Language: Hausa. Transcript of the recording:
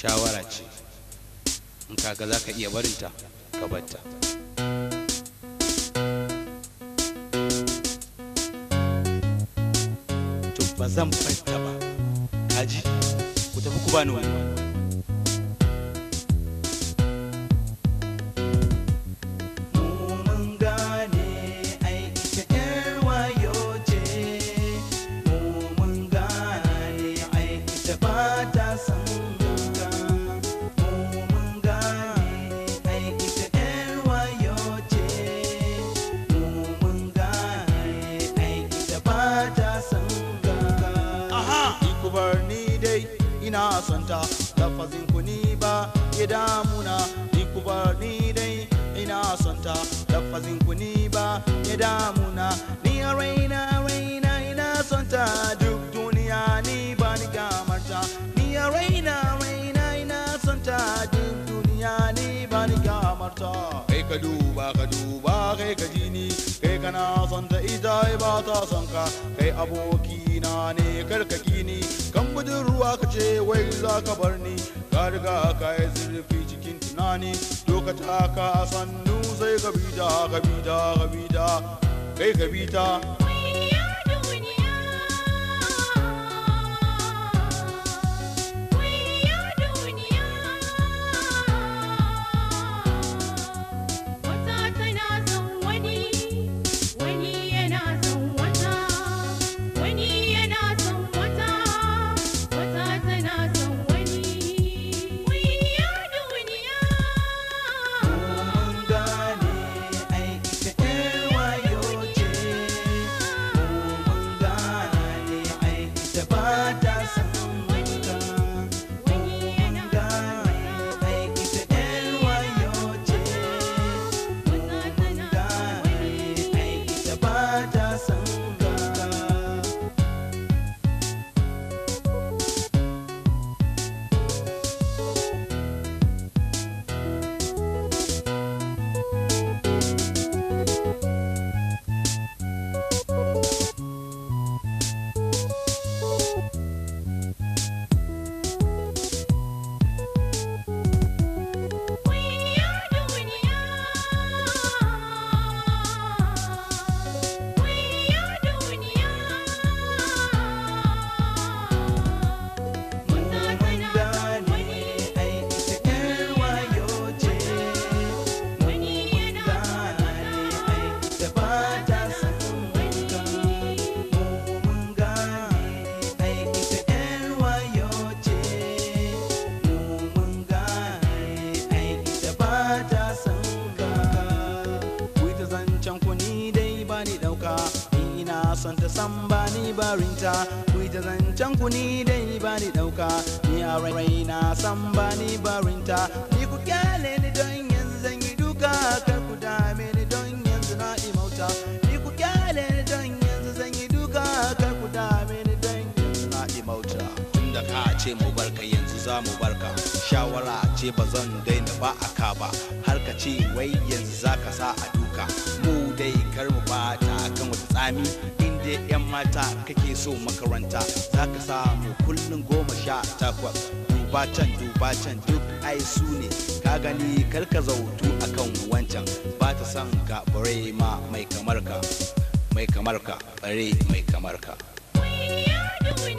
shawara ce in kaga za ka iya barinta ka batta to ba zan batta ba kaji ku tafi ku bani wani na sonta lafazin ku ni ba ya damuna ni ku bar ni dai ina sonta lafazin ku ni ba ya damuna ni a raina raina ina sonta duk duniya ni ba ni gamarta ni a raina raina ina sonta duk duniya ni ba ni gamarta kai ka duba ka duba kai ka ji ni kai kana sonta ita ba ta sonka kai aboki na ne karkaki ni ka cikin ruwa ka ce wai za ka bar ni ka riga ka yi zurfi cikin tunani lokaci ka sannu sai gabi da gabi da gabi da kai gabi san ba ni barinta ku ta zancen ku ni dai ba ni dauka ni a raina san ba ni barinta ni ku kyale ni don yanzu zan yi duka kar ku dame ni don yanzu na imauta ni ku kyale ni don yanzu zan yi duka kar ku dame ni don yanzu na imauta tunda ka ce mu barka yanzu za mu barka shawara ce ba zan daina ba a ka ba har ka ce wai yanzu za ka sa a duka mu dai kar mu ta kan wata tsami je 'yan mata kake so makaranta za ka samu kullum goma sha takwas duba can duba can duk ai su ne ka gani karka zautu akan wancan ba ta son ka bare ma mai kamar mai kamar ka bare mai kamar ka